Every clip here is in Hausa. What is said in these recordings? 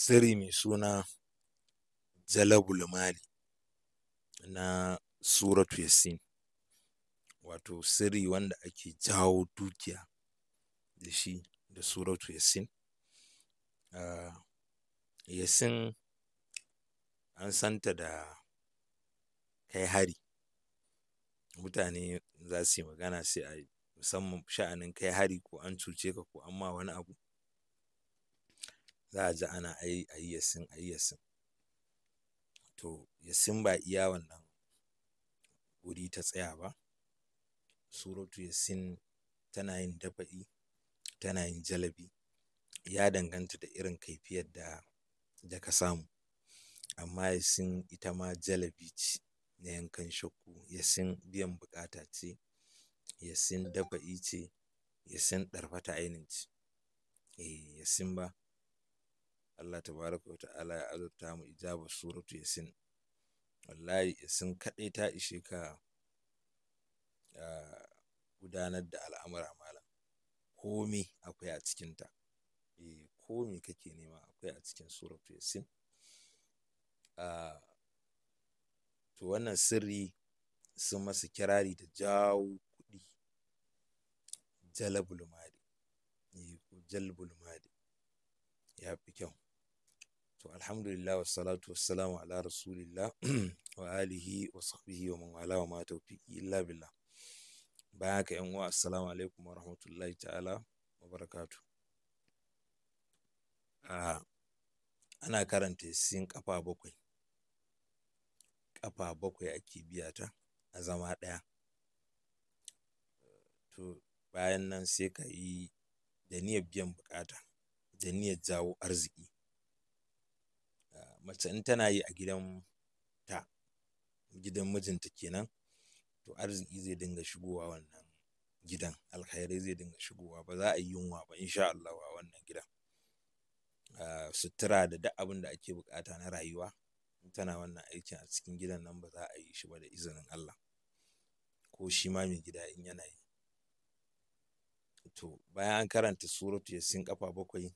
sirri mai suna jalabul mali na suratu yasin wato sirri wanda ake jawo dukiya da shi da suratu yasin uh, yasin an santa da kai hari mutane za su yi magana sai a musamman sha'anin kai hari ko an cuce ka ko an ma wani abu za a ji ana ai ayi yasin ayi yasin to yasin ba iya wannan wuri ta tsaya ba suratu yasin tana yin dafa'i tana yin jalabi ya danganta da irin kaifiyar da da ka samu amma yasin ita ma jalabi ce na yankan shakku yasin biyan bukata ce yasin dafa'i ce yasin ɗarfata ainihin ce eh yasin ba Allah tabaraka wa ta'ala ya azurta mu ijaba suratu yasin wallahi yasin kaɗai ta ishe ka gudanar da al'amura malam komi akwai a cikinta eh komi kake nema akwai a cikin suratu yasin ah, to wannan sirri sun masa kirari da jawo kuɗi jalabul mali eh, ko mali ya fi kyau to alhamdulillah wassalatu wassalamu ala rasulillah wa alihi wa sahbihi wa man wala wa ma tawfiqi illa billah bayan ka yan uwa assalamu alaikum wa rahmatullahi ta'ala wa barakatu ana karanta sin kafa bakwai kafa bakwai ake biya ta a zama ɗaya to bayan nan sai ka yi da niyyar biyan bukata da niyyar jawo arziki mace in tana yi a gidan ta gidan mijinta kenan to arziki zai dinga shigowa wannan gidan alkhairai zai dinga shigowa ba za a yi yunwa ba insha Allah a wannan gidan sutura da duk abin da ake bukata na rayuwa tana wannan aikin a cikin gidan nan ba za a yi shi ba da izinin Allah ko shi ma mai gida in yana yi to bayan an karanta suratu yasin kafa bakwai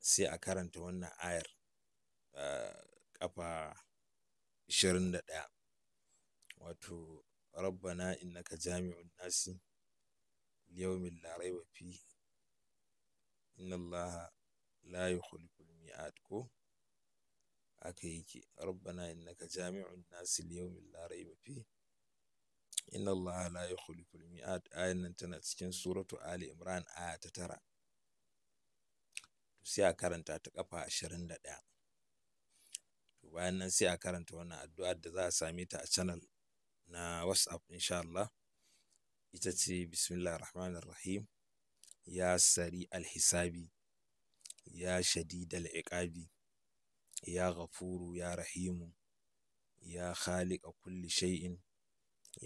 sai a karanta wannan ayar ƙafa ishirin da ɗaya wato rabbana innaka jami'un nasi yawmin la raiba fi inna allaha la yukhliqul mi'ad ko haka yake rabbana innaka jami'un nasi yawmin la raiba fi inna allaha la yukhliqul mi'ad ayan nan tana cikin suratu ali imran aya ta tara sai a karanta ta kafa ashirin da ɗaya to bayan nan sai a karanta wannan addu'ar da za a same ta a channel na whatsapp insha Allah ita ce bismillah rahman rahim ya sari alhisabi ya shadid al'iqabi ya ghafuru ya rahimu ya khaliqa kulli shay'in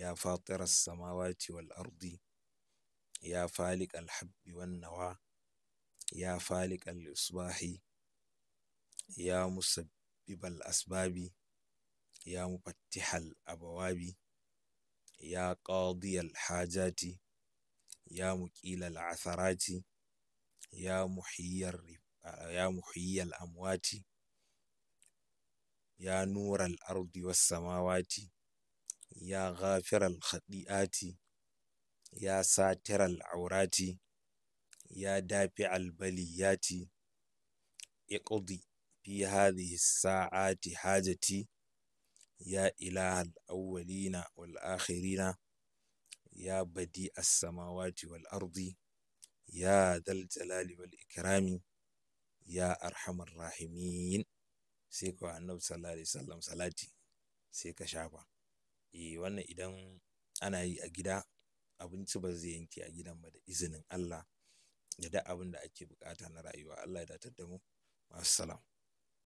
ya fatira samawati wal ardi ya faliq alhabbi wan nawa ya faliq al-isbahi ya musabbi Bibal asbabi ya mufattihal abawabi ya qadiyal hajati ya muqilal atharati ya muhiyyar ya muhiyyal amwati ya nural ardi was samawati ya ghafiral khadi'ati ya satiral aurati ya dafi'al baliyati iqdi fi hadi hisa a ti hajjati ya ilahar awalina wal’ahirina ya badi a samawati arzi ya daljalali wal’ikirami ya arhamar rahimin sai ka wa annabu sallam salati sai ka shafa e wannan idan ana yi a gida abinci ba zai yanki a gidan ba da izinin allah da da abin da ake bukata na rayuwa allah ya datar da mu wasu salamu